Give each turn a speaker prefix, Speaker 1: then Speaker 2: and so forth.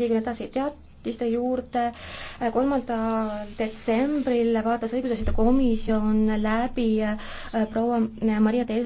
Speaker 1: liigun edasi teatiste juurde. kolmandal detsembril vaatas õigusasjade komisjon läbi äh, proua Maria Teesa